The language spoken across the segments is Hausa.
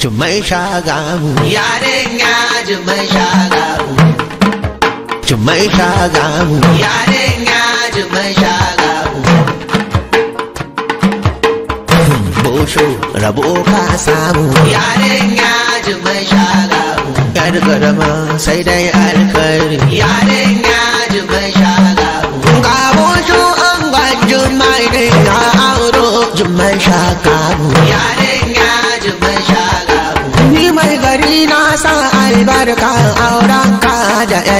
Chumai shagamu Yarenga chumai shagamu Chumai shagamu Yarenga chumai shagamu Bosho rabo samu Yarenga chumai shagamu Yar karama sai dai alkhairi Yarenga chumai shagamu Ga bosho an gwajin mai ne na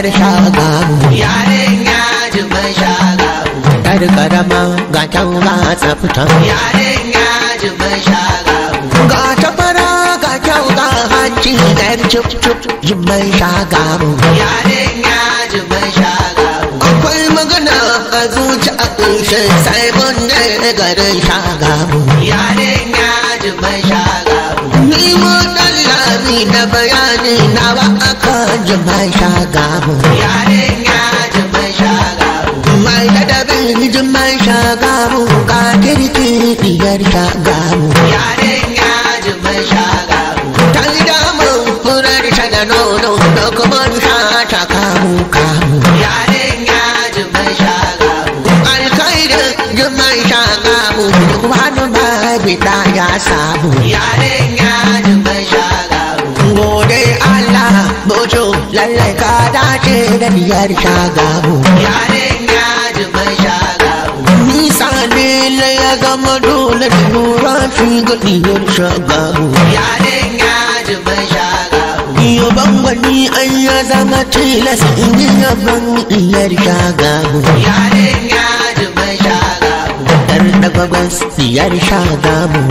yar shagabu yaren yaji mai shagabu yar karama ga can ga tsafta yaren yaji mai shagabu ga ta fara ga kyau ga hanci da yar cip cip ji mai shagabu yaren yaji mai shagabu akwai magana a zuci a ƙunshe sai bunne garin shagabu yaren yaji mai shagabu ni mu dan lami na bayani na ji mai shagabu mai ladabin ji mai shagabu ga kirki biyar shagabu ta yi damar furar sha da nono da kuma ta ta kamu kamu alkhairin ji mai shagabu duk wani babi ta ya samu yaren ya ji lallai ka dace da biyar shagabu ya shagabu nisa ya zama dole da nura fi ga diyar shagabu iyo an ya zama tilas in ya ban shagabu ya shagabu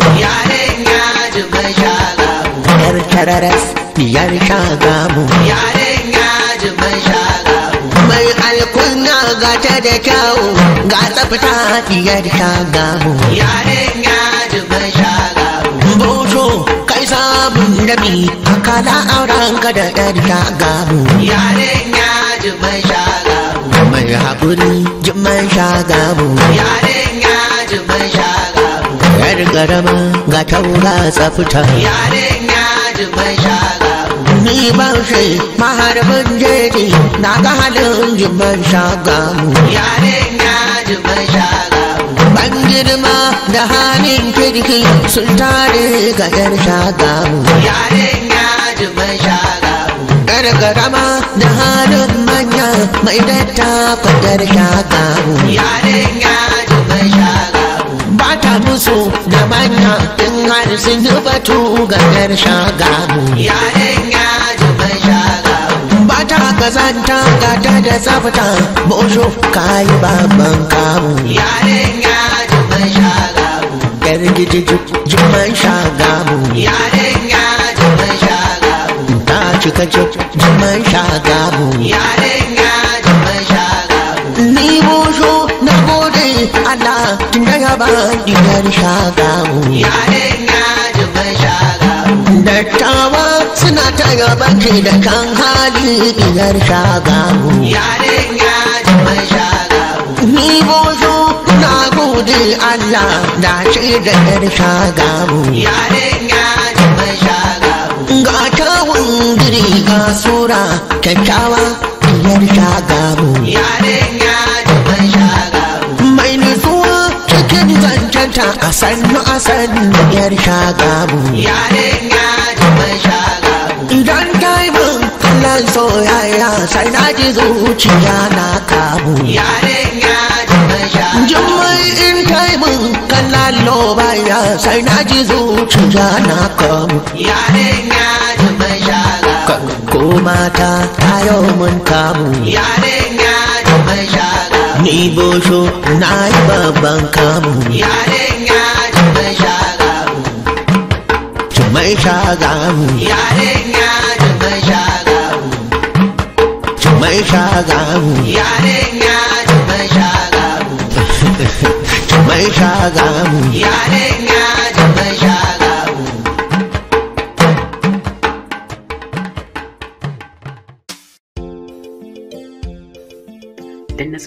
shagabu yar tararas diyar shagabu da kyau ga tsafta diyar ta gamu yarinya zuba sha gamu bojo kai sabon rabi haka na auren ka da ɗan ta gamu yarinya zuba sha gamu mai haƙuri jiman sha yaren ya zuba sha gamu yar garama ga taura tsafta yarinya zuba sha gamu ni ban shi maharbin jeji na ga halin jiban shagamu yaren ya jiban shagamu ban girma da halin kirki sun tare ga yar shagamu yaren ya jiban shagamu yar garama da halin manya mai datta kwadar shagamu yaren ya ta musu da manya in har sun zuba tugagar shagamu yayan ya zuba shagamu ba ta kazanta ga ta da tsafta bosho kayi babban kamu yayan ya zuba shagamu gargiji juman shagamu yayan ya zuba shagamu ta cika juman shagamu yayan ya zuba shagamu ni bosho na gode Allah bani dar dattawa suna ta gaba kai da kan hali biyar shagamu ni bozo na gode Allah da ce da yar shagamu yaren ya ga kyawun diri ga sura kyakkyawa biyar shagamu ta a sannu a sannu yar shagabu Yare ya mai shagabu idan ta yi min kallon soyayya sai na ji zuciya na kabu yaren ya mai shagabu Jummai in ta yi min kallon lobaya sai na ji zuciya na kabu yaren ga mai shagabu ko mata ta yau mun kamu yaren ni bojo na yi kamu yaren ya mai shagamu mai shagamu yaren ya mai shagamu mai shagamu yaren ya mai shagamu mai shagamu